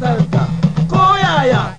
Father.